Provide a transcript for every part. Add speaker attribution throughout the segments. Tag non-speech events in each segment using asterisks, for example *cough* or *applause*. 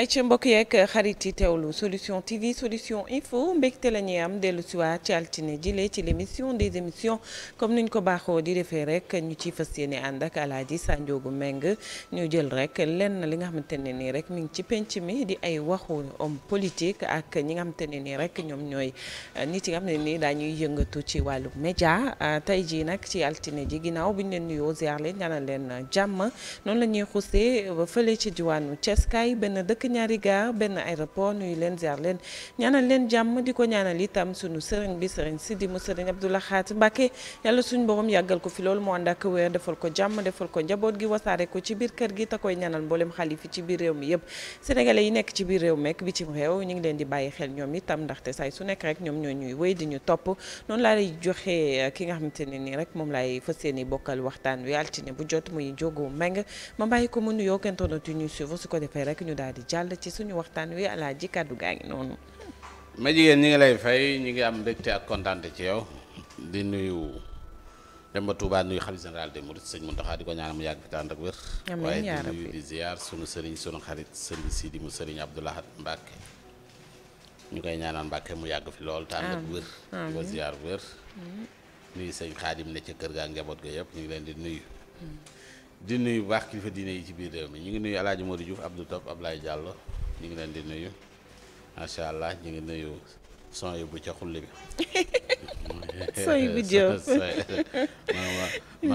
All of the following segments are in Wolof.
Speaker 1: ay ci mbokk yeeg xarit yi teewlu solution TV solution info mbégte la ñuy am dellu si waa ci altine jile ci l'émission des émissions comme niñ ko baaxoo di defee rek ñu ciy fas yéene ànd ak alaaji Sanjoogu Meng ñu jël rek lenn li nga xamante ne nii rek mi ngi ci penc mi di ay waxu homme politique ak ñi nga xamante ne nii rek ñoom ñooy eh, nit yi nga xam ne nii daañuy yëngatu ci wàllu média eh, tey jii nag ci altine ji ginnaaw bi ñu leen nuyoo ziar leen ñaanal leen jàmm noonu ñaari gaa benn aéroport nuyu leen ziar leen ñaanal leen jàmm di ko ñaanal itam sunu sëriñ bi sëriñ Sidi mu sëriñ Abdou Lahad Mbacké yàlla suñu borom yàggal ko fi loolu mu ànd ak wér defal ko jàmm defal ko njaboot gi wasaare ko ci biir kër gi te koy ñaanal mboolem xalifi ci biir réew mi yëpp sénégalais yi nekk ci biir réew mekk bitim réew ñu ngi leen di bàyyi xel ñoom itam ndaxte say su nekk rek ñoom ñoo ñuy wéy di ñu topp noonu laa lay joxe eh, ki nga xamante ne nii rek moom laay fas yéene bokkal waxtaan wi bu jot muy jógu meng ma bàyyi ko mu nuyoo kentoonat yu ñuy suivre su ko defee rek ñu daal di jàll ci suñu waxtaan wi alaaji kàddu gaa ngi noonu.
Speaker 2: ma jigéen ñi ngi lay fay ñi ngi am mbégte ak kontaante ci yow di nuyu. dem ba Touba nuyu xalifa général des mourides sëñ Mountakha di ko ñaanal mu yàgg fi tànn ak wér. waaye di nuyu di ziar sunu sëriñ sunu xarit sëriñ Sidi mu sëriñ Abdou Lahad Mbacke. ñu koy ñaanal Mbacke mu yàgg fi lool. tànn ak wér di ko ziar wér. Mm. nuyu sëñ Xaadim ne ca kër ga ak njaboot ga yëpp ñu ngi leen di nuyu. Mm. di nuyu bu baax kilifa diine yi ci biir réew mi ñu ngi nuyu El Hadj Modou Diouf Abdou ab Ablaye Diallo ñu ngi leen di nuyu macha allah ñu ngi nuyu son bu ca xulli bi. *laughs* sooy bu jëw *laughs* *laughs* ma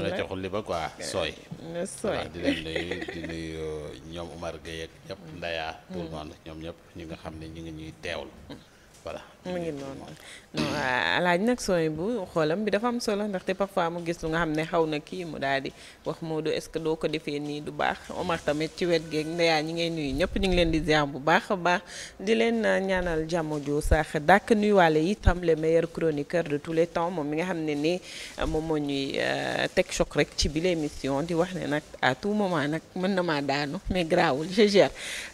Speaker 2: nga ca xulli ba quoi sooy. Eh, sooy di leen nuyu di nuyu ñoom Umar Gueye ak ñëpp Ndaya. tout monde ñoom ñëpp ñu nga xam ne ñu ngi ñuy teewlu. Mm.
Speaker 1: voilà mu ngi noonu non euh, alaaj nag sooy bu xoolam bi dafa am solo ndaxte parfois mu gis lu nga xam ne xaw na kii mu daal di wax Modou est-ce que doo ko defee nii du baax Omar tamit ci wet geeg ndeyaa ñi ngay nuyu ñëpp ñu ngi leen di ziar bu baax a baax di leen euh, ñaanal jàmm ju sax dàkk nuyuwaale itam le meilleur chroniqueur de tous les temps moom mi nga xam ne nii euh, moom moo ñuy teg choc rek ci bile émission di wax ne nag à tout moment nag mën na maa daanu mais grawul je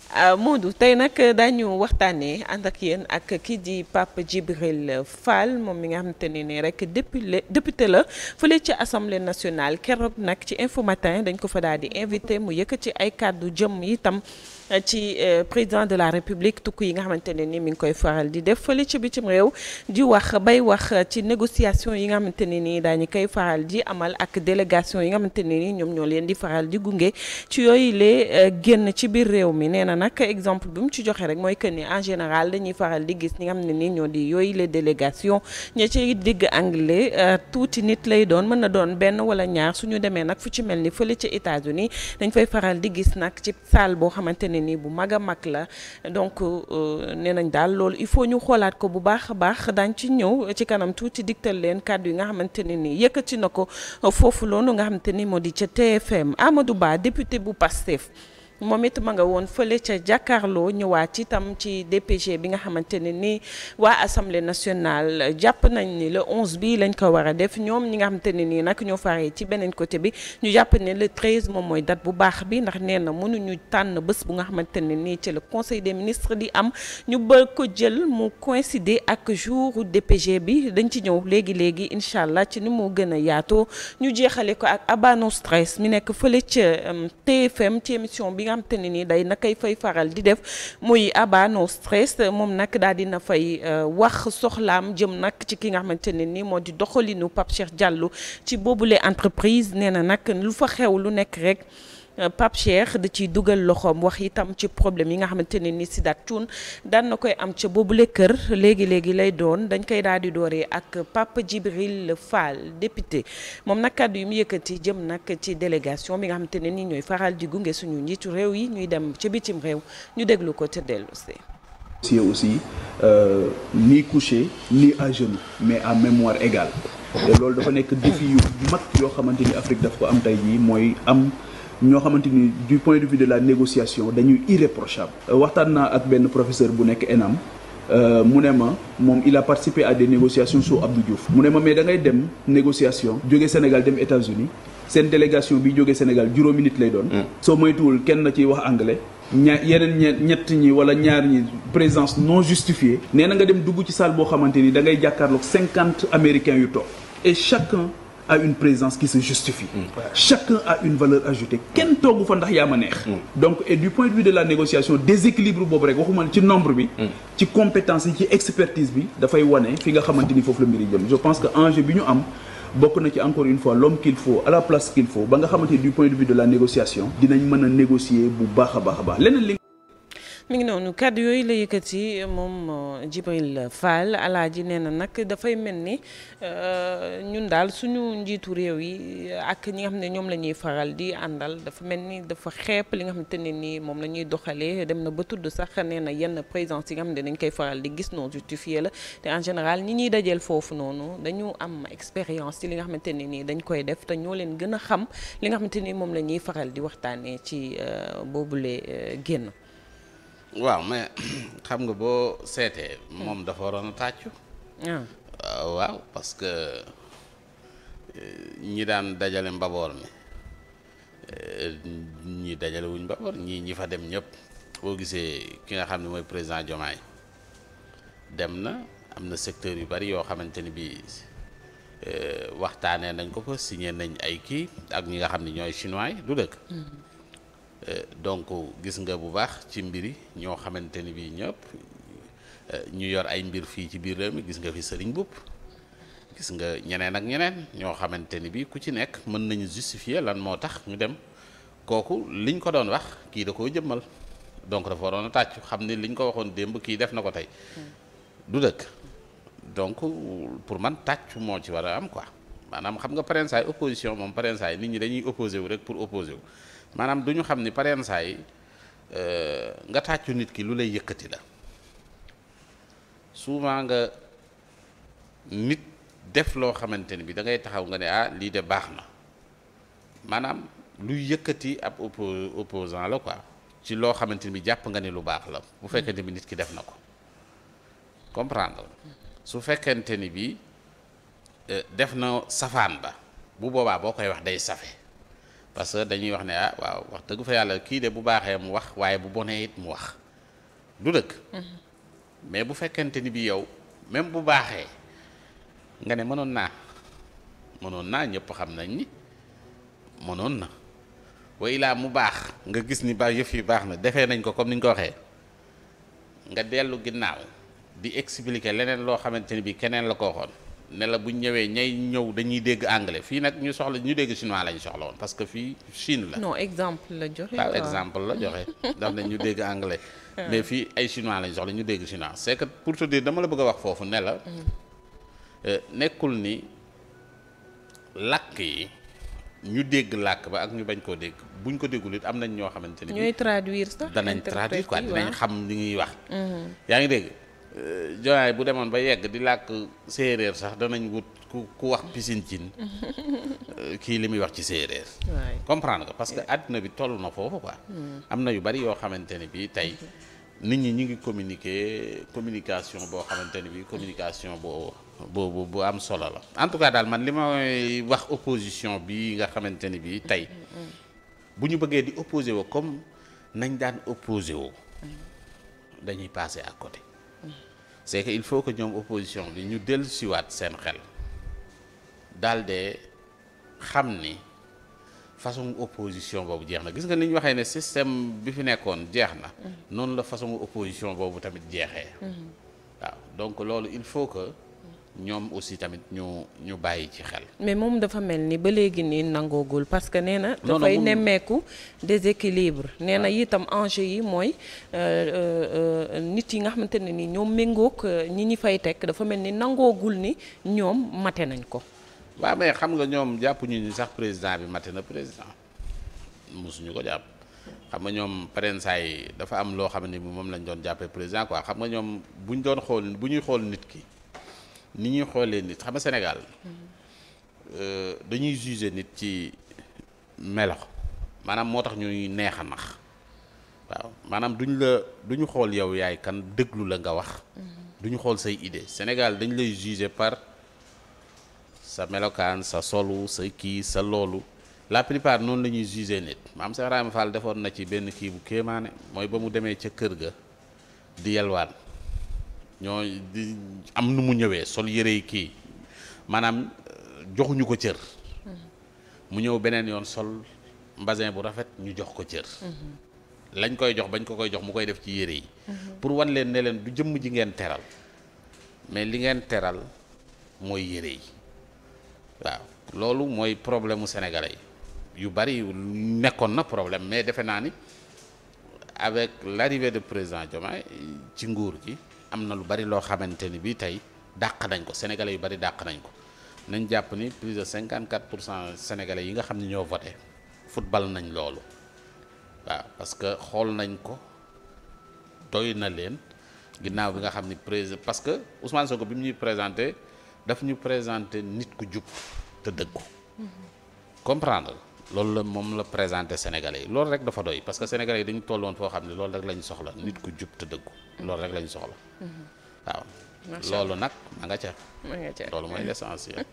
Speaker 1: Euh, Modou tey nag daañu waxtaanee ànd ak yéen ak kii di Pape Djibril Fall moom mi nga xamante ne nii rek député député la fële ci assemblée nationale keroog nag ci info matin dañ ko fa daal di invité mu yëkkati ay kàddu jëm itam. ci euh, président de la république tukku yi nga xamante ne ni mi ngi koy faral di def fële ci bitim réew di wax bay wax ci négociation yi nga xamante ne ni daañu koy faral di amal ak délégation yi nga xamante ne ñoom ñoo leen di faral di gunge ci yooyu lee euh, génn ci biir réew mi nee na nag exemple bi mu ci joxe rek mooy que ni en général dañuy faral di gis ñi nga xam ne ni ñoo di yooyu délégation délégations ña ci digg anglais euh, tuuti nit lay doon mën na doon benn wala ñaar su ñu demee nag fu ci mel ni fële ci États-Unis dañ fay faral di gis nag ci boo xamante ne nii bu mag a mag la donc euh, nee nañ daal loolu il faut ñu xoolaat ko bu baax a baax daañ ci ñëw ci kanam tuuti digtal leen kàddu yi nga xamante ne nii yëkkati na ko foofu loonu nga xamante ni moo di ca TFM Amadou Ba député bu PASTEF moom it ma nga woon fële ca jàkkaarloo ñëwaat itam ci DPG bi nga xamante ne ni waa assemblée nationale jàpp nañ ni le onze bi lañ ko war a def ñoom ñi nga xamante ni nii nag ñoo faree ci beneen côté bi ñu jàpp ne le 13 moom mooy date bu baax bi ndax nee na mënuñu tànn bés bu nga xamante ni nii ci la conseil de ministres di am ñu bëgg ko jël mu coïncider ak jour DPG bi dañ ci ñëw léegi léegi incha allah ci ni mu gën a yaatoo ñu jeexale ko ak abano stress mi nekk fële ca TFM um, ci émission bi. nga ne nii day nakay fay faral di def muy Abba No Stress moom nag daal dina fay euh, wax soxlaam jëm nag ci ki nga xamante ne nii moo di doxalinu Pape Cheikh Diallo ci boobule entreprise nee na nag lu fa xew lu nekk rek. Euh, Pape Cheikh da ciy dugal loxoom wax itam ci problème yi nga xamante ne ni Sida Thioune dan na koy am ca boobule kër léegi léegi lay doon dañ koy daal di dooree ak Pape Djibril Fall député moom nag kàddu yu mu yëkkati jëm nag ci délégation bi nga xamante ne ni ñooy faral di gunge suñu njiitu réew yi ñuy dem ca bitim réew ñu déglu ko te dellu si.
Speaker 3: dossier aussi euh, ni couché ni à genoux mais à mémoire égale te loolu dafa nekk défi yu mag yoo xamante ni Afrique daf ko am tey am. ñoo xamante ni du point de vue de la négociation dañuy irréprochable waxtaan naa ak benn professeur bu nekk ENAM euh, mu ne ma moom il a participé à des négociations sous Abdou mu ne ma mais dangay dem négociation jóge Sénégal dem États-Unis seen délégation bi jóge Sénégal juróomi nit lay doon mm. soo moytuwul kenn na ciy wax anglais ñaa yeneen ñe ñett ñi wala ñaar ñi présence non justifiée nee na nga dem dugg ci salle boo xamante ni da ngay jàkkaarloog cinquante américains yu toog et chacun a une présence qui se justifie. Ouais. Mm. Chacun a une valeur ajoutée kenn toogu fa ndax yaa ma neex. Mm. donc et du point de vue de la négociation déséquilibre boobu rek waxuma ci nombre bi. Mm. ci compétence yi ci expertise bi dafay wane fi nga xamante ni foofu la mbiri jëm je pense que enjeu bi ñu am. bokk na ci encore une fois l'homme qu'il faut à la place qu'il faut ba nga xamante du point de vue de la négociation dinañ mën a négocier bu baax a baax a baax
Speaker 1: mi ngi noonu kàddu yooyu la yëkkati moom euh, Djibril Fall alaaji nee na nag dafay mel ni euh, ñun daal suñu njiitu réew yi euh, ak ñi nga xam ne ñoom la ñuy faral di àndal dafa mel ni dafa xeep li nga xamante ne nii moom la ñuy doxalee dem na ba tudd sax nee na yenn présence yi nga xam ne dañ koy faral di gis non justifié la te en général ñi ñuy dajeel foofu noonu dañu am expérience ci li nga xamante ne nii dañ koy def te ñoo leen gën a xam li nga xamante ni moom la ñuy faral di waxtaanee ci boobu boobule génn.
Speaker 2: waaw mais *clears throat* xam nga boo seetee moom dafa waroon a tàccu ah. Ah, waaw parce que eh, ñi daan dajale mbaboor mi eh, ñi dajalewuñ wuñ mbaboor ñi ñi fa dem ñëpp boo gisee ki nga xam ne mooy président Diomaye dem na am na secteur yu bari yoo xamante ni bii eh, waxtaanee nañ ko ko signé nañ ay kii ak ñi nga xam ne ñooy chinois yi du dëkk mm-hmm. Euh, donc gis nga bu baax ci mbir yi ñoo xamante ni bii ñëpp euh, ñu yor ay mbir fii ci biir réew gis nga fi sëriñ bupp gis nga ñeneen ak ñeneen ñoo xamante ni bii ku ci nekk mën nañu justifier lan moo tax ñu dem kooku liñ ko doon wax kii da koo jëmmal donc dafa waroon a tàccu xam ne liñ ko waxoon démb kii def na ko tey hmm. du dëkk donc pour man tàccu moo ci war a am quoi maanaam xam nga parrain saay opposition moom parrain saay nit ñi dañuy opposé rek pour opposé maanaam du ñu xam ni pareen saa yi euh, nga tàccu nit ki lu lay yëkkati la souvent nga nit def loo xamante ni bi da ngay taxaw nga ne ah lii de baax na maanaam luy yëkkati ab opposant la ko ci loo xamante ni bi jàpp nga ne lu baax la bu fekkente bi nit ki def na ko comprendre su fekkente ni bi euh, def na safaan ba bu boobaa boo koy wax day safe parce que dañuy wax ne ah waaw wax dëgg fa yàlla kii de bu baaxee mu wax waaye bu bonee it mu wax du dëkk. Mm-hmm. mais bu fekkente ni bi yow même bu baaxee nga ne mënoon naa mënoon naa ñëpp xam nañ ni mënoon na waylaa mu baax nga gis ni ba yëf yi baax na defee nañ ko comme ni ñu ko waxee nga dellu ginnaaw di expliquer leneen loo xamante ni bi keneen la ko waxoon. ne la bu ñëwee ñay ñëw dañuy dégg anglais fii nag ñu soxla ñu dégg chinois lañ soxla woon parce que fii Chine la.
Speaker 1: non exemple la joxe waaw exemple
Speaker 2: la joxe. *laughs* daf ne ñu dégg anglais. Ah. mais fii ay chinois lañ soxla ñu dégg chinois c'est que pour te dama la bëgg a wax foofu ne mm. euh, nekkul ni làkk yi ñu dégg làkk ba ak ñu bañ koo dégg buñ ko déggul it am nañ ñoo xamante ni. ñooy
Speaker 1: traduire sax danañ traduire quoi dinañ
Speaker 2: xam li ñuy wax. Mm-hmm. yaa ngi dégg. Euh, jonaay bu demoon ba yegg di làkk séeréer sax danañ wut ku ku wax pisin cin *laughs*
Speaker 4: euh,
Speaker 2: kii li muy wax ci séeréer comprendre nga parce que àddina bi toll na foofu quoi hmm. am na yu bari yoo xamante ne bi tey nit ñi ñu ngi communiquer communication boo xamante ne bi communication boo boobu bu am solo la en tout cas daal man li may wax opposition bi nga xamante ne bi tey hmm, hmm, bu ñu bëggee di opposé woo comme nañ daan opposé woo dañuy passer à côté c'est que il faut que ñoom opposition bi ñu dellu siwaat seen xel daal de xam ni façon opposition boobu jeex na gis nga ni ñu waxee ne système bi fi nekkoon jeex na mm-hmm. noonu la façon opposition boobu tamit jeexee mm-hmm. waaw donc loolu il faut que ñoom aussi tamit ñu ñu bàyyi ci xel.
Speaker 1: mais moom dafa mel ni ba léegi nii nangoogul parce que nee na. dafay nemmeeku déséquilibre. nee na ah. itam enjeu yi mooy euh, euh, euh, nit yi nga xamante ne ni ñoom méngook ñi ñi fay teg dafa mel ni nangoogul ni ñoom mate nañ ko.
Speaker 2: waa mais xam nga ñoom jàpp ñu ni sax président bi mate na président mu suñu ko jàpp xam nga ñoom pareen saa yi dafa am loo xam ne moom lañ doon jàppee président quoi xam nga ñoom bu ñu doon xool bu ñuy xool nit ki. ni ñuy xoolee nit xam nga Sénégal euh, dañuy juger nit ci melo maanaam moo tax ñuy neex a nax waaw maanaam duñ la duñu xool yow yaay kan déglu la nga wax mm-hmm. duñu xool say idée Sénégal dañ lay juger par sa melokaan sa solu sa kii sa loolu la plupart noonu la ñuy juger nit maam Cheikh Ibrahima Fall defoon na ci benn kii bu kéemaane mooy ba mu demee ca kër ga di yelwaan ñoo di am nu mu ñëwee sol yére yi kii maanaam euh, joxuñu ko cër.
Speaker 4: Mm-hmm.
Speaker 2: mu ñëw beneen yoon sol mbasin bu rafet ñu jox ko cër.
Speaker 4: Mm-hmm.
Speaker 2: lañ koy jox bañ ko koy jox mu koy def ci yére yi. Mm-hmm. pour wan leen ne leen du jëmm ji ngeen teral mais li ngeen teral mooy yére yi waaw loolu mooy problème mu sénégalais yi yu bari nekkoon na problème mais defe naa ni avec l'arrivée de président Diomaye ci nguur gi. am na lu bari loo xamante ni bii tey dàq nañ ko sénégalais yu bari dàq nañ ko nañ jàpp ni plus de 54 pour cent sénégalais yi nga xam ne ñoo voté football nañ loolu waaw parce que xool nañ ko doy na leen ginnaaw bi nga xam ni président parce que Ousmane ko bi mu ñuy présenté daf ñu présenté nit ku jub te dëggu comprendre loolu la moom la présenté sénégalais yi loolu rek dafa doy parce que yi dañu tolloon foo xam ne loolu rek lañ soxla nit ku jub te dëggu loolu rek la ñu soxla mm-hmm. waaw loolu nag ma nga ca. ma nga ca loolu mooy l'essentiel.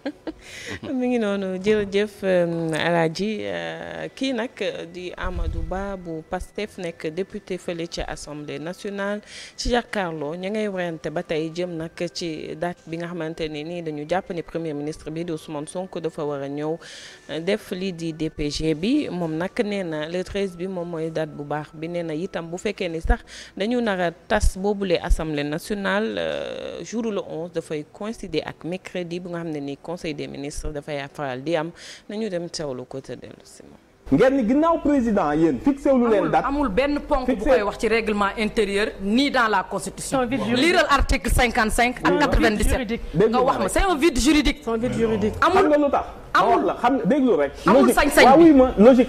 Speaker 1: *laughs* mi ngi noonu jërëjëf euh, Alaaji euh, kii nag di Amadou baa bu PASTEF nekk député fële ci assemblée nationale ci jàkkaarloo ña ngay werante ba tey jëm nag ci date bi nga xamante ni nii dañu jàpp ni premier ministre bi di Ousmane Sonko dafa war a ñëw euh, def lii di DPG bi moom nag nee na le bi moom mooy date bu baax bi nee na itam bu fekkee ni sax dañu nar a tas boobule assemblée nationale. jour le 11 dafay coïncider ak mercredi bu nga xam ne ni conseil des ministres dafay faral di am nañu dem teewlu ko te si moom
Speaker 5: ngeen ni ginnaaw président
Speaker 1: amul benn ponk bu koy wax ci règlement intérieur ni dans la constitution. liiral article cinquante cinq ak quatre vingt dix sept nga wax ma c'est vide juridique. c'est vide juridique. amul
Speaker 5: xam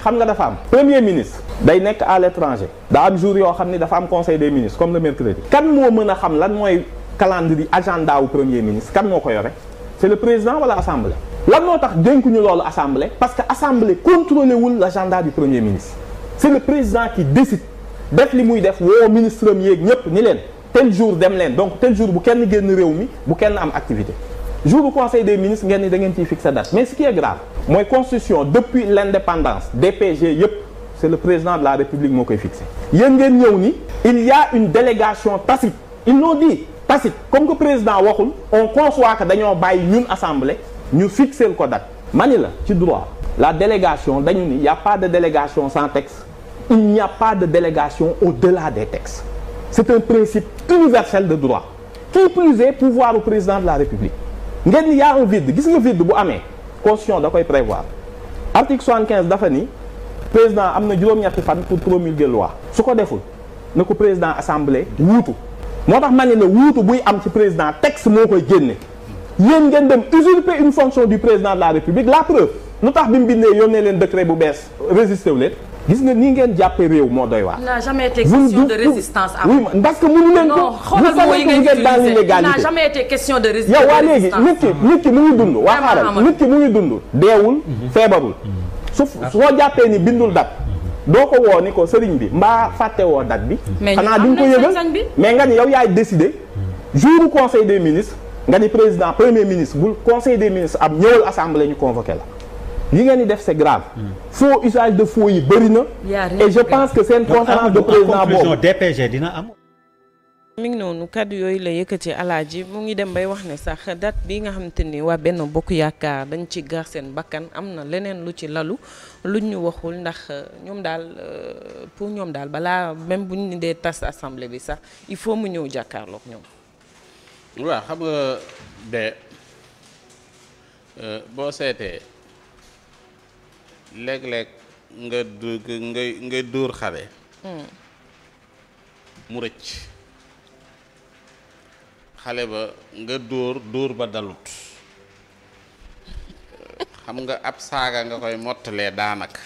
Speaker 5: xam nga dafa premier ministre. day nekk à l'étranger. daa am xam ni dafa am conseil des ministres comme le mercredi. calendrier agenda wu premier ministre kan moo ko yore c' est le président wala assemblée. lan moo tax dénkuñu loolu assemblée parce que assemblée contrôlé wul l' agenda du premier ministre c' est le président qui décide li muy def woo ministre am yeeg ñëpp ni leen tel jour dem leen donc tel jour bu kenn génn réew mi bu kenn am activité. jour bu conseil des ministres ngeen ni da ngeen ciy fixé date mais ce qui est grave mooy constitution depuis l' indépendance DPG yëpp c' est le président de la république moo koy fixé yéen ngeen ñëw ni il y une délégation tacite parce que comme que président waxul on conçoit que dañoo bàyyi ñun assemblée ñu fixer ko date mani la ci droit la délégation dañu ni y pas de délégation sans texte il n'y a pas de délégation au-delà des textes c'est un principe universel de droit qui plus est pouvoir au président de la république ngeen ni y a un vide gis nga vide bu amee constitution da koy prévoir article 75 dafa ni président am na juróom-ñetti fan pour promulguer loi su ko deful na ko président assemblée wuutu moo tax ma ne ne wuutu buy am ci président texte moo koy génne yéen ngeen dem usurper une fonction du président de la république la preuve lu tax bi mu bindee yónnee leen décret bu bees résisté wu leen gis nga nii ngeen jàppee réew moo doy waar. n'a
Speaker 1: jamais été question de résistance à oui parce que mënu leen ko. non xoolal mooy ngeen utilisé dans l'illégalité n'a jamais été question de résistance yow waa léegi nit
Speaker 5: ki nit ki mu ngi dund. waaw xaaral nit ki mu ngi dund. deewul mhm. feebarul. su mhm. soo jàppee ni bindul dat doo ko woo ni ko sëriñ bi mbaa fàtte woo date bi. xanaa duñ ko yëgal mais nga ni yow yaay décider jour conseil des ministres nga ni président premier ministre bul conseil des ministres am ñëwal assemblée ñu convoqué la. li ngeen di def c'est grave. Hmm. faux usage de faux yi bëri na.
Speaker 1: et je pense que seen
Speaker 5: conférence de président boobu DPG dina
Speaker 1: mi ngi noonu kàddu yooyu la yëkkati alaaji mu ngi dem bay wax ne sax dat bi nga xamante ni waa benn bokk yaakaar dañ ci gar seen bakkan am na leneen lu ci lalu lu ñu waxul ndax euh, ñoom daal euh, pour ñoom daal balaa même buñ ni dee tas assemblée bi sax il faut mu ñëw jàkkaarloog ñoom.
Speaker 2: waaw xam de euh, boo seetee léeg-léeg nga du dóor xale. Hmm. mu rëcc. xale ba nga dóor dóor ba dalut xam nga ab saaga nga koy mottalee daanaka.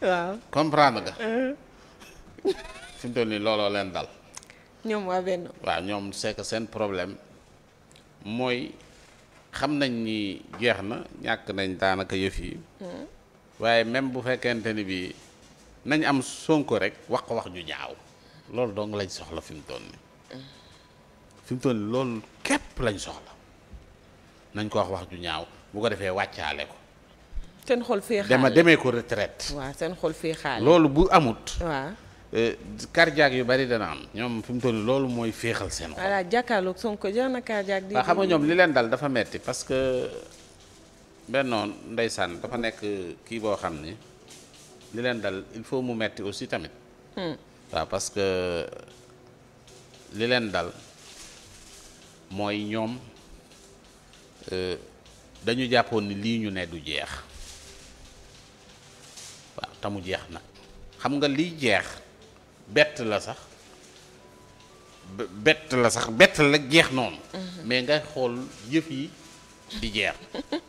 Speaker 2: waaw comprendre nga. fi mu toll nii looloo leen dal. ñoom waa benn. waaw ñoom c'est seen problème mooy xam nañ ni jeex na ñàkk nañ daanaka yëf yi. Hmm. waaye même bu fekkente ni bii nañ am sonko rek wax ko wax ju ñaaw loolu dong lañ soxla fi mu toll nii. fi mu toll loolu képp lañ soxla nañ ko wax wax ju ñaaw bu ko defee wàccaale ko.
Speaker 1: seen xol féexaale dama demee
Speaker 2: ko retraite.
Speaker 1: waaw seen xol féexaale. loolu bu amut. waaw.
Speaker 2: Eh, yu bari dana am. ñoom fi mu toll loolu mooy féexal seen xol.
Speaker 1: voilà jàkkaarloog Sonko jeex na cardiaque. di waaw xam nga ñoom li
Speaker 2: leen dal dafa metti parce que bennoon ndeysaan dafa nekk kii boo xam ni li leen dal il faut mu metti aussi tamit. Hmm. waaw parce que li leen dal. mooy ñoom euh, dañu jàppoon ni lii ñu ne du jeex waaw te mu jeex nag xam nga liy jeex bett la sax bett la sax bett la jeex noonu. Mm-hmm. mais ngay xool yëf yi di jeex.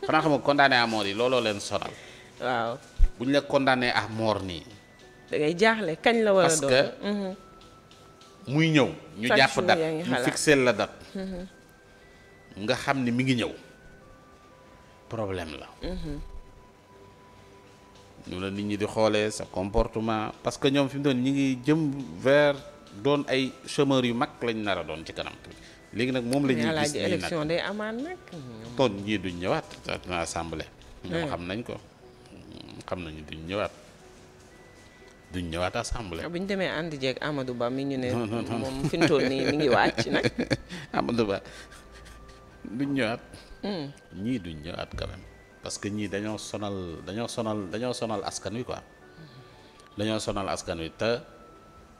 Speaker 2: xanaa xam nga condamné à mort yi looloo leen sonal. waaw bu ñu la condamné à mort nii. dangay jaaxle
Speaker 1: kañ la war a doon parce mm-hmm.
Speaker 2: muy ñëw. ñu jàpp date ñu fixé la date.
Speaker 1: Mm-hmm.
Speaker 2: nga xam ni mi ngi ñëw problème la ñu mm-hmm. la nit ñi di xoolee sa comportement parce que ñoom fi mu doon ñi ngi jëm vers doon ay chômeurs yu mag lañ nar a doon ci kanam léegi nag moom la ñuy gis nii élection
Speaker 1: day amaan nag
Speaker 2: kon ñii duñ ñëwaat assemblée ñoom xam nañ ko mm-hmm. xam nañu duñ ñëwaat du ñu ñëwaat assemblée. Ah,
Speaker 1: bi ñu demee ànd jeeg Amadou Ba mi ñu ne. moom fi mu toll nii mi ngi wàcc nag. *laughs*
Speaker 2: Amadou Ba duñ ñëwaat. Hmm. ñii duñ ñëwaat quand même parce que ñii dañoo sonal dañoo sonal dañoo sonal askan wi quoi. dañoo sonal askan wi te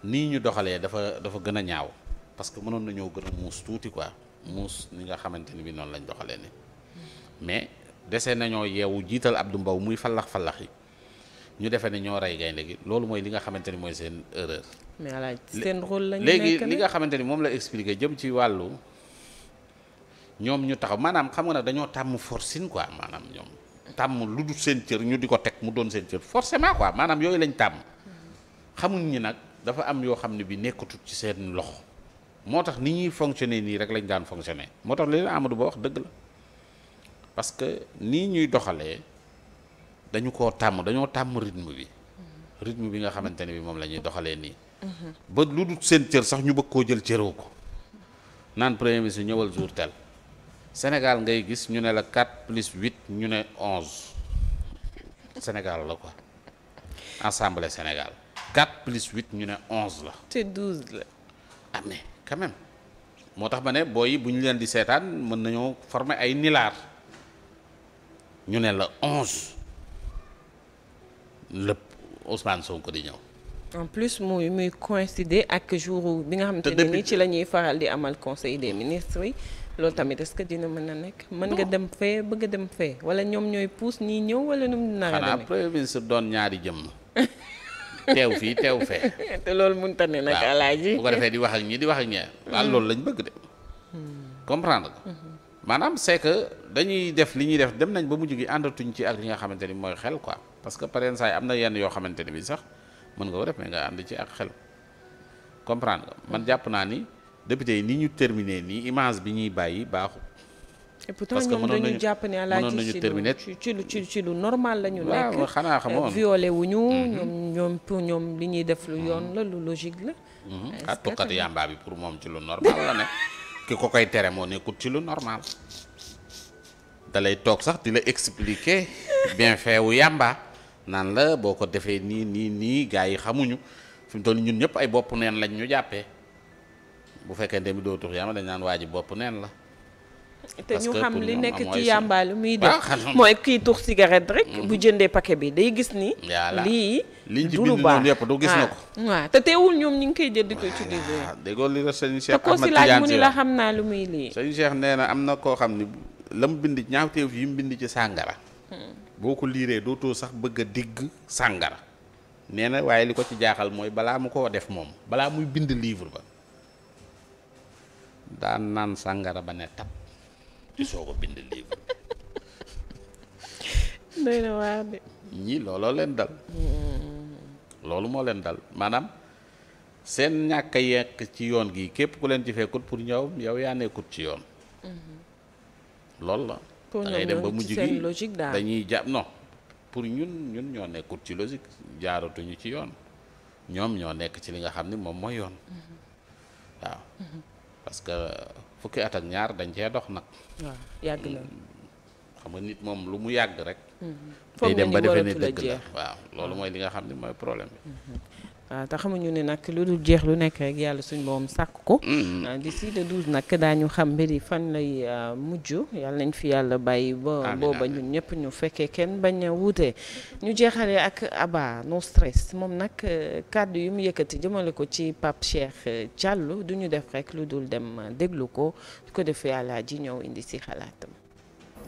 Speaker 2: nii ñu doxalee dafa dafa gën a ñaaw parce que mënoon nañoo gën a muus tuuti quoi muus ni nga xamante ni bi noonu lañ doxalee ni mais dese nañoo yeewu jiital ab Abdou Mbow muy fallax fallax yi. ñu defee ne ñoo rey gaynde gi loolu mooy li nga xamante ni mooy seen erreur. mais alaaj seen rôle la léegi li nga xamante ni moom la expliqué jëm ci wàllu ñoom ñu taxaw maanaam xam nga nag dañoo tàmm forcine quoi maanaam ñoom tàmm lu dul seen cër ñu di ko teg mu doon seen cër quoi maanaam yooyu lañ tàmm xamuñ ñi nag dafa am yoo xam ne bi nekkatut ci seen loxo moo tax ni ñuy fonctionner nii rek lañ daan fonctionner moo tax li leen Amadou Ba wax dëgg la parce que nii ñuy doxalee. dañu ko tàmm dañoo tàmm rythme bi rythme bi nga xamante ne bi moom la ñuy doxalee nii ba lu dul seen cër sax ñu bëgg koo jël cëroo ko naan premier ministre ñëwal jour tel Sénégal ngay gis ñu ne la 4 plus 8 ñu ne 11 Sénégal la quoi assemblée Sénégal 4 plus 8 ñu ne onze la.
Speaker 1: te 12
Speaker 2: la. ah mais moo tax ma ne booy yi bu ñu leen di seetaan mën nañoo former ay nilaar ñu ne la 11. lépp Ousmane Sonko di ñëw.
Speaker 1: en plus muy muy coïncider ak jour bi nga xamante ne nii ci la ñuy faral di amal conseil des ministres yi loolu tamit est-ce que dina mën a nekk. mën nga dem fee bëgg a dem fee wala ñoom ñooy puus ñii ñëw wala nu mu nar a demee. xanaa premier
Speaker 2: ministre doon ñaari jëm
Speaker 1: teew fii teew fee.
Speaker 2: *laughs* te loolu mënut a ne nag. alaaji bu ko defee di wax ak ñi di wax ak ñee. waaw loolu lañ bëgg de. Hmm. comprendre nga. Hmm. maanaam c'est que dañuy def li ñuy def dem nañ ba mujj gi àndatuñ ci ak li nga xamante ni mooy xel quoi. parce que par exemple am na yenn yoo xamante ne bi sax mën nga ko def mais nga ànd ci ak xel comprendre man jàpp naa ni député yi ni ñu terminé nii image bi ñuy bàyyi baaxul.
Speaker 1: et pourtant ñoom dañu jàpp ne alaaji ci lu ci lu ci lu normal la ñu nekk. waaw xanaa xamoon euh, wu ñu. Mhm. ñoom ñoom li ñuy def lu yoon la lu mhm.
Speaker 2: ah, pour moom ci lu normal la ne *laughs* ki ko koy tere moo nekkut ci lu normal. da toog sax dila la expliquer bien fait wu yàmbaa. naan la boo ko defee nii nii nii gars yi xamuñu fi mu toll ñun ñëpp ay bopp neen lañ ñu jàppee bu fekkee dem doo tux yàlla dañ naan waa ji bopp neen la. te ñu xam li nekk ci yàmba lu muy def mooy
Speaker 1: kiy tux cigarette rek. bu mm-hmm. jëndee pake bi day gis ni. lii liñ ci bind ñun
Speaker 2: yëpp du gis na ko.
Speaker 1: waaw te teewul ñoom ñu ngi koy jënd ko ci ah,
Speaker 2: déggoo li la sëñ Cheikh te laaj mu ni la
Speaker 1: xam naa lu muy lii.
Speaker 2: sëñ Cheikh nee na am na koo xam ni la mu bind ñaawteef yi mu bind ci sàngara boo ko liiree dootoo sax bëgg a digg sàngara nee na waaye li ko ci jaaxal mooy balaa mu ko def moom balaa muy bind livre ba daan naan sàngara ba ne tab ci soo ko bind livre
Speaker 1: *laughs* doy na
Speaker 2: ñii looloo leen dal loolu moo leen dal maanaam seen ñàkk yekk ci yoon gi képp ku leen ci fekkut pour ñëw yow yaa nekkut ci yoon mm-hmm. loolu la da ngay dem ba mujj gi dañuy jàpp non pour ñun ñun ñoo nekkut ci logique jaaratuñu ci yoon ñoom ñoo nekk ci li nga xam ni moom mooy yoon mm-hmm. waaw mm-hmm. parce que fukki at ak ñaar dañ cee dox nag waaw xam nga nit moom lu mu yàgg rek
Speaker 4: mm-hmm.
Speaker 1: day dem ba defee ne dëgg la waaw loolu mooy
Speaker 2: li nga xam ni mooy problème
Speaker 1: waaw euh, te xamuñu ne nag lu dul jeex lu nekk rek yàlla suñ moom sàkk ko. Mm. Euh, d'ici le 12 nag daañu xam mbiri fan lay euh, mujj yàlla nañ fi yàlla bàyyi. ba booba ñun ñëpp ñu fekkee kenn bañ a wuute. ñu jeexalee ak Abba no stress moom nag kàddu yu mu yëkkati jëmale ko ci Pape Cheikh Diallo du ñu def rek lu dul dem déglu ko ko defee yàlla ji ñëw indi si xalaatam.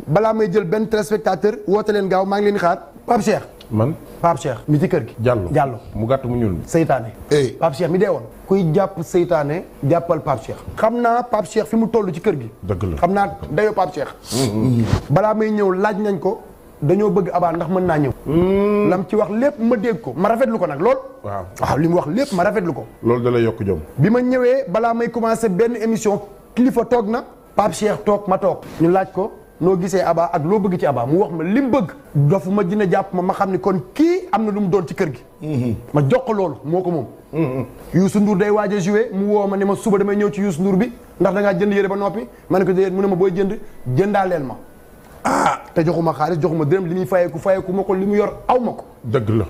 Speaker 6: balaa may jël benn téléspectateur woote leen gaaw maa ngi leen xaar Pape Cheikh. man Pape Cheikh mi ci kër gi Diallo Diallo mu gàtt mu ñuul mi seytaane Pape Cheikh mi dee woon kuy jàpp seytaane jàppal Pape Cheikh xam naa Pape Cheikh fi mu toll ci kër gi dëgg xam naa dayoo Pape Cheikh mm-hmm. balaa may ñëw laaj nañ ko dañoo bëgg abaa ndax mën naa ñëw mm-hmm. lam ci wax lépp ma dégg ko ma rafetlu ko nag lool waaw waaw ah, li mu wax lépp ma rafetlu ko loolu da yokk jom bi ma ñëwee balaa may commencé benn émission kilifa toog na Pape Cheikh toog ma toog ñu laaj ko noo gisee abaa ak loo bëgg ci abaa mu wax ma li mu bëgg dafa ma dina jàpp ma ma xam ni kon kii am na lu mu doon ci kër gi mhm. ma jox ko loolu moo ko moom mhm. Youssou Ndour day waaj a joué mu woo ma ne ma suba damay ñëw ci Youssou Ndour bi ndax da jënd yére ba noppi ma ne ko déedéet mu ne ma booy jënd jëndaaleel ma ah te joxuma xaalis joxuma dërëm li muy fayeeku fayeeku ma ko li mu yor aw ma ko dëgg la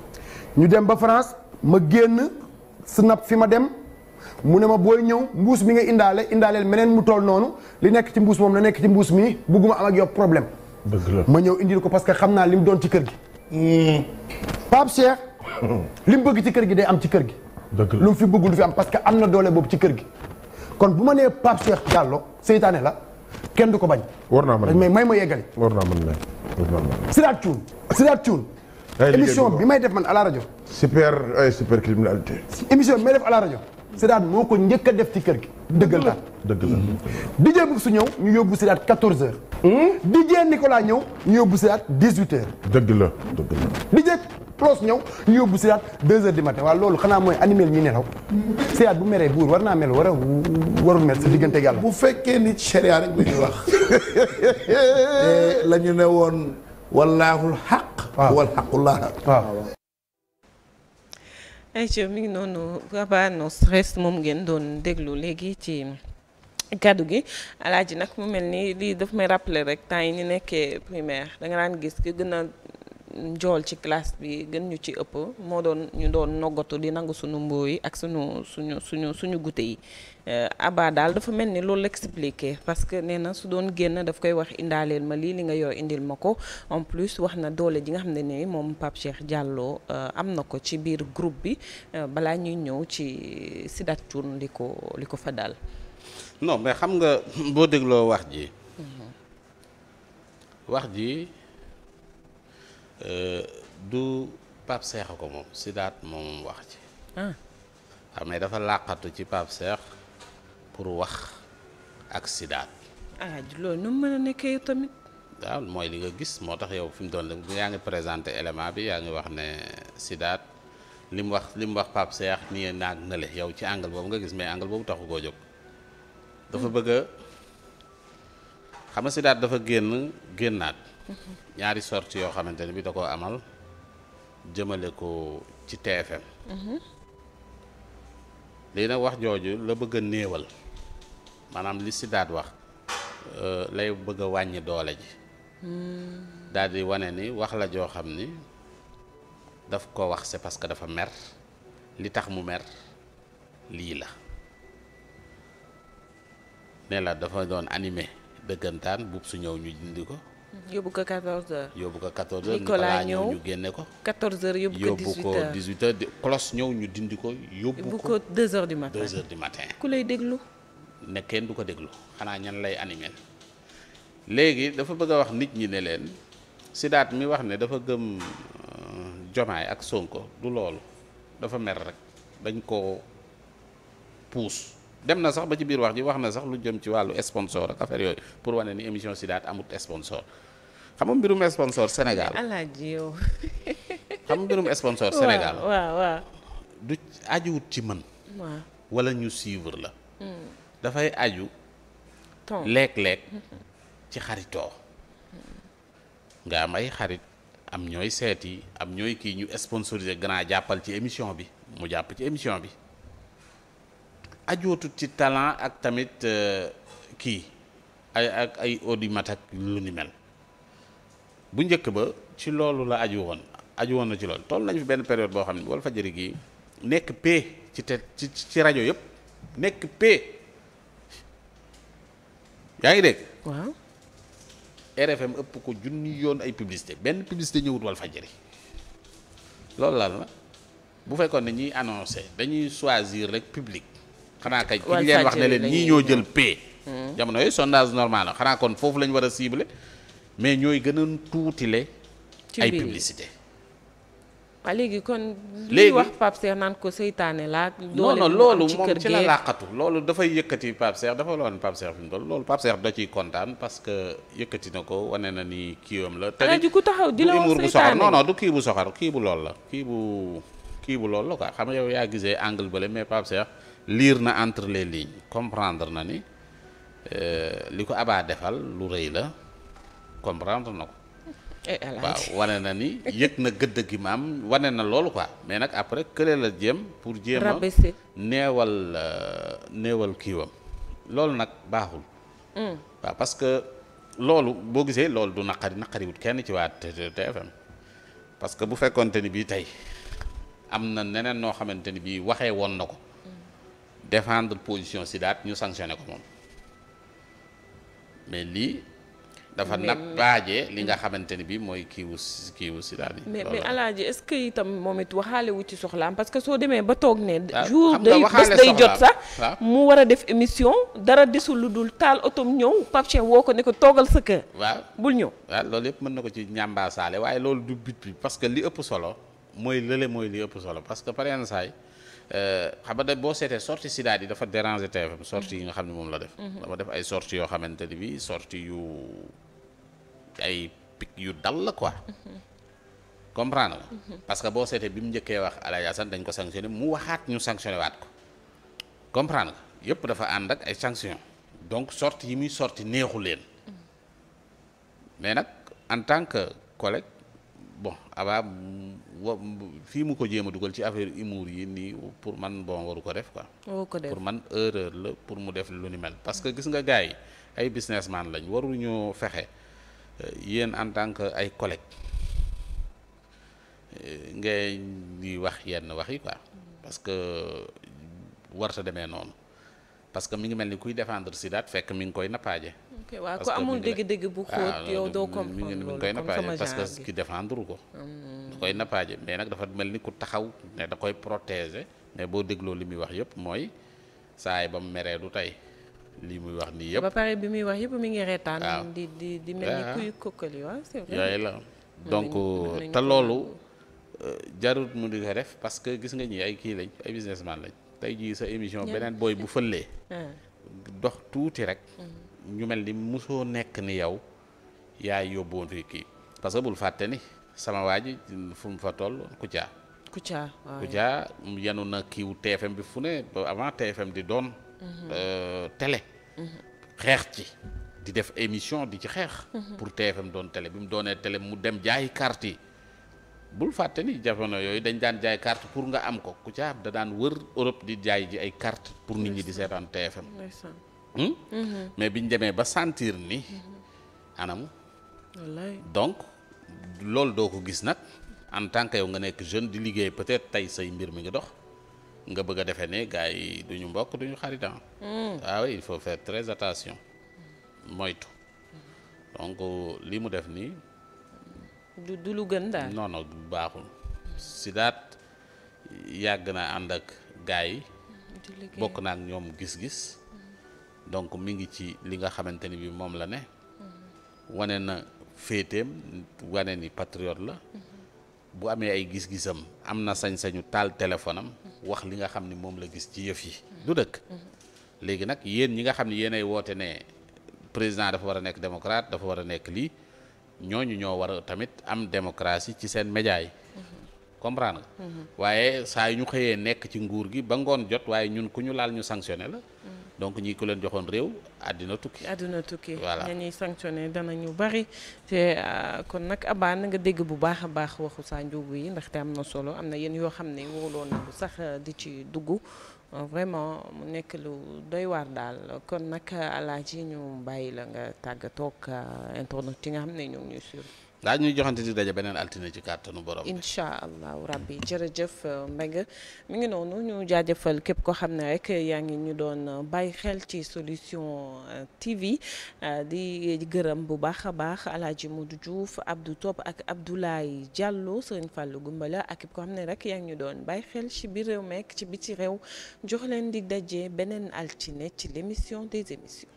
Speaker 6: ñu dem ba France ma génn snap fi ma dem mu ne ma booy ñëw mbuus mi nga indaale indaaleel meneen mu toll noonu li nekk ci mbuus moom la nekk ci mbuus mi bugguma am ak yow problème. ma ñëw indil ko parce que xam naa li mu doon ci kër gi. Hmm. Pape Cheikh. li mu bëgg ci kër gi day am ci kër gi. dëgg lu mu fi bëgg lu fi am parce que am na doole boobu ci kër gi. kon bu ma nee Pape Cheikh Diallo seytaane la kenn du ko bañ. war naa mën may may ma yeggali. war naa mën a Sidaat Thioune Sidaat Thioune émission bi may def man à la rajo.
Speaker 2: s ay super euh, criminalité.
Speaker 6: émission bi may def à la rajo. Sidaat moo ko njëkk a def ci kër gi. dëgg daal dëgg la DJ su ñëw ñu yóbbu Sidaat 14h. Hmm? DJ Nicolas ñëw ñu yóbbu Sidaat 18h. dëgg la dëgg la. DJ Plos ñëw ñu yóbbu Sidaat 2h du loolu xanaa mooy animé ñi nelaw. Sidaat bu meree buur war naa mel war a warul mel sa diggante yàlla. bu fekkee nit charia rek la ñuy wax. *laughs* Eh, la ñu ne woon. wallaahu l-haqq. wal haqqu llaah. waaw.
Speaker 1: ayca mi ngi noonu Rabat No Stress moom ngeen doon déglu léegi ci kaddu gi alaaji nag mu mel ni lii daf may rappeler rek temps yi ñu nekkee primaire da nga daan gis ki gën jool ci classe bi gën ñu ci ëpp moo doon ñu doon noggatu di nangu suñu mboo yi ak suñu suñu suñu suñu gute yi euh, Abba daal dafa mel ni loolu l'expliquer parce que nee na su doon génn daf koy wax indaaleel ma lii li nga yoo indil ma ko en plus wax na doole ji nga xam ne ni moom Pape Cheikh Diallo euh, am na ko ci biir groupe bi euh, balaa ñuy ñëw ci Sidat Thioune li ko li ko fa dal
Speaker 2: non mais xam nga boo dégloo wax ji. Mhm. wax ji. Euh, du Pape Cheikh ko moom Sidaat moom wax ci ah mais dafa làqatu ci Pape Cheikh pour wax ak Sidaat.
Speaker 1: ah loolu nu mu mën a nekkee tamit.
Speaker 2: waaw mooy li nga gis moo tax yow fi mu doon la yaa ngi présenté élément bi yaa ngi wax ne Sidaat li mu wax li mu wax Pape Cheikh nii naag na le yow ci angle boobu nga gis mais angle boobu taxu koo jóg. dafa hmm. bëgg a xam Sidaat dafa génn génnaat. ñaari sorties yoo xamante ne bi da koo amal jëmale ko ci TFM. lii nag wax jooju la bëgg néewal maanaam li si daat wax euh, lay bëgg a wàññi doole ji.
Speaker 4: Hmm.
Speaker 2: daal wane ni wax la joo xam ni daf ko wax c'est parce que dafa mer li tax mu mer lii la. ne la dafa doon anime dëggantaan buub su ñëw ñu dindi ko
Speaker 1: yóbbu ko 14h.
Speaker 2: ko 14h ñu génne ko.
Speaker 1: 14h yóbbu ko 18h yóbbu ko
Speaker 2: 18h di cloche ñëw ñu dindi ko yóbbu ko.
Speaker 1: 2h du matin 2h du ku lay déglu.
Speaker 2: ne kenn du ko déglu xanaa ñan lay animel léegi dafa bëgg a wax nit ñi ne leen Sidaat mi wax ne dafa gëm euh, Jomaay ak Sonko du loolu dafa mer rek dañ ko puus. dem na sax ba ci biir wax ji wax na sax lu jëm ci wàllu sponsor ak affaire yooyu pour wane ni émission Sidath amut sponsor xam mbirum sponsor Sénégal.
Speaker 1: alaaji yow.
Speaker 2: xam nga mbirum sponsor *laughs* du ajuwut ci mën. walla wala ñu suivre la. Hmm. dafay aju. ton léeg hmm, hmm. ci xaritoo. nga am ay xarit am ñooy seeti am ñooy kii ñu sponsorisé grand jàppal ci émission bi mu jàpp ci émission bi. ajootut ci talent ak tamit euh, kii ay ak ay audimat ak lu ni mel bu njëkk ba ci loolu la aju woon aju woon na ci loolu tool nañu fi benn période boo xam ne Walfadjri gii nekk p ci te ci ci rajo yëpp nekk p yaa ngi dégg. waaw. RFM ëpp ko junni yoon ay publicité benn publicité ñëwut Walfadjri loolu laal na bu fekkoon ne ñuy annoncé dañuy choisir rek public xanaa kay ki ñu wax ne leen ñii ñoo jël P. Hmm. jamono yooyu sondage normal la xanaa kon foofu la ñu war a cibler mais ñooy gën a tuutile
Speaker 1: ay publicité waaw kon. léegi wax Pape Cheikh naan ko seytaane laa. non non loolu moom ci la làqatu
Speaker 2: loolu dafay yëkkati Pape Cheikh dafa loon Pape Cheikh fi mu toll loolu Pape Cheikh da kontaan parce que yëkkati na ko wane na ni kiiwam la. te
Speaker 1: ku taxaw di la wax bu soxor non non
Speaker 2: du kii bu soxor kii bu lool la kii bu kii bu loolu la quoi xam nga yow yaa gisee angle bële mais Pape liir na entre les lignes comprendre na ni euh, li ko abaa defal lu rëy la comprendre na ko.
Speaker 4: Eh, waaw
Speaker 2: wane na ni yëg na gëdd gi maam wane na loolu quoi mais nag après kële la jéem pour jéem a neewal euh, neewal kiiwam loolu nag baaxul hmm. waaw parce que loolu boo gisee loolu du naqari naqariwut kenn ci waa TFM parce que bu fekkonte ni bii tey am na neneen noo xamante ni bii waxee woon na ko défendre position Sidaat ñu sanctionné ko moom mais lii. dafa nag baaje li nga xamante ni bii mooy kiiwu kiiwu Sidaat yi. mais mais
Speaker 1: alaaji est-ce que itam moom it waxaale wu ci soxlaam parce que soo demee ba toog ne. Ah, jour day bés day jot sax. Ah. mu war a def émission dara desul lu dul taal otom ñëw Pape woo ko ne ko toogal sa kër. waaw bul ñëw.
Speaker 2: waaw loolu yëpp mën na ko ci ñàmbaasaale waaye loolu du but bi parce que li ëpp solo mooy lële mooy li ëpp solo parce que par exemple Euh, xam nga boo seetee sorti Sida yi dafa déranger TFM sorti yi nga xam ne moom la def. Mhm. dama def ay sorti yoo xamante ni bii sorti yu ay pic yu dal la quoi. Mhm. comprendre nga. Mhm. parce que boo seetee bi mu njëkkee wax Alaaji Assane dañ ko sanctionné mu waxaat ñu sanctionné waat ko comprendre nga yëpp dafa ànd ak ay sanction donc sorti yi muy sorti neexu leen mais nag en tant que collègue. bon aba mm, wa mm, mu ko jéem a dugal ci affaire humour yi nii pour man bon waru ko def quoi. waru ko def pour man erreur la pour mu def lu ni mel. parce que gis nga gars yi ay businessman lañ waruñoo fexe euh, yéen en tant que ay collègues euh, ngay di wax yenn wax yi quoi. parce que warta demee noonu parce que mi ngi mel ni kuy défendre daat fekk mi ngi koy nappaaje.
Speaker 1: waaw ku amul dégg-dégg bu ah, xóot yow doo comprendre loolu koy nappaaje
Speaker 2: parce que ko
Speaker 4: hmm. koy
Speaker 2: nappaaje mais nag dafa mel ni ku taxaw ne da koy protéger mais boo dégloo li muy wax yëpp mooy saay ba mu meree du tey lii muy wax nii yëpp ba
Speaker 1: pare bi muy wax yëpp mi ngi reetaan ah. di di di mel ni ah. kuy kokkali waaw yooyu la donc euh, te loolu
Speaker 2: euh, jarut mu di ko def parce que gis nga ñi ay kii lañ ay businessman lañ tey jii sa émission beneen booy bu fëllee dox tuuti rek mm-hmm. ñu mel ni mosoo nekk ni yow yaay yóbbuwoon fii kii parce que bul fàtte ni sama waa ji fu mu fa toll Kouthia.
Speaker 1: Kouthia waaw Kouthia
Speaker 2: yanu na kiiw TFM bi fu ne avant TFM di doon. Mhm. Euh, télé. Mhm. xeex ci di def émission di ci xeex. Mhm. pour TFM doon télé bi mu doonee télé mu dem jaay carte yi. bul fàtte ni jamono yooyu dañ daan jaay kart pour nga am ko Kouthia da daan wër Europe di jaay ji ay carte pour nit ñi di seetaan TFM. Hmm? Mm-hmm. mais biñ demee ba sentir ni
Speaker 4: mm-hmm.
Speaker 2: anam donc loolu doo ko gis nag en tant que yow nga nekk jeune di liggéey peut-être tey say mbir mi ngi dox nga bëgg a defee ne gars yi duñu mbokk duñu xaritam ah. mm. waaw ah il faut faire très attention moytu donc li mu def nii
Speaker 1: du du lu gën daal
Speaker 2: non non baaxul Sidaat yàgg na ànd ak gars yi bokk naa ak ñoom gis-gis donc mi ngi ci li nga xamante ni bi moom la ne wane na féeteem wane ni patriote la bu amee ay gis-gisam am na sañ-sañu taal téléphone am wax li nga xam ni moom la gis ci yëf yi du dëkk léegi nag yéen ñi nga xam ne ay woote ne président dafa war a nekk démocrate dafa war a nekk lii ñooñu ñoo war a tamit am démocratie ci seen média yi comprendre mhm. waaye saa yu ñu xëyee nekk ci nguur gi ba ngoon jot waaye ñun ku ñu laal ñu sanctionné la donc ñi ko leen joxoon réew àddina tukki. àddina
Speaker 1: tukki voilà ñuy sanctionné ñu bari te ah, kon nag na nga dégg bu baax a baax waxu saa njuubu yi ndaxte am na solo am na yéen yoo xam ne wóoloon na bu sax ah, di ci dugg ah, vraiment mu nekk lu doy waar daal kon nag alaaji ñu bàyyi la nga tàggatoo ak internet yi nga xam ne ñoo ñuy suivre.
Speaker 2: daa ñuy joxante di daje beneen altine ci kàttanu borom
Speaker 1: incha allahu rabbi jërëjëf euh, Mbengue mi ngi noonu ñu jaajëfal képp ko xam ne rek yaa ngi ñu doon euh, bàyyi xel ci solution euh, TV di gërëm bu baax a baax Alaaji Modou Diouf Abdou Top ak Abdoulaye Diallo Serigne Fallou Gumbala ak képp ko rek yaa ngi ñu doon bàyyi xel ci biir réew mekk ci biti réew jox leen di daje beneen altine ci l'émission des émissions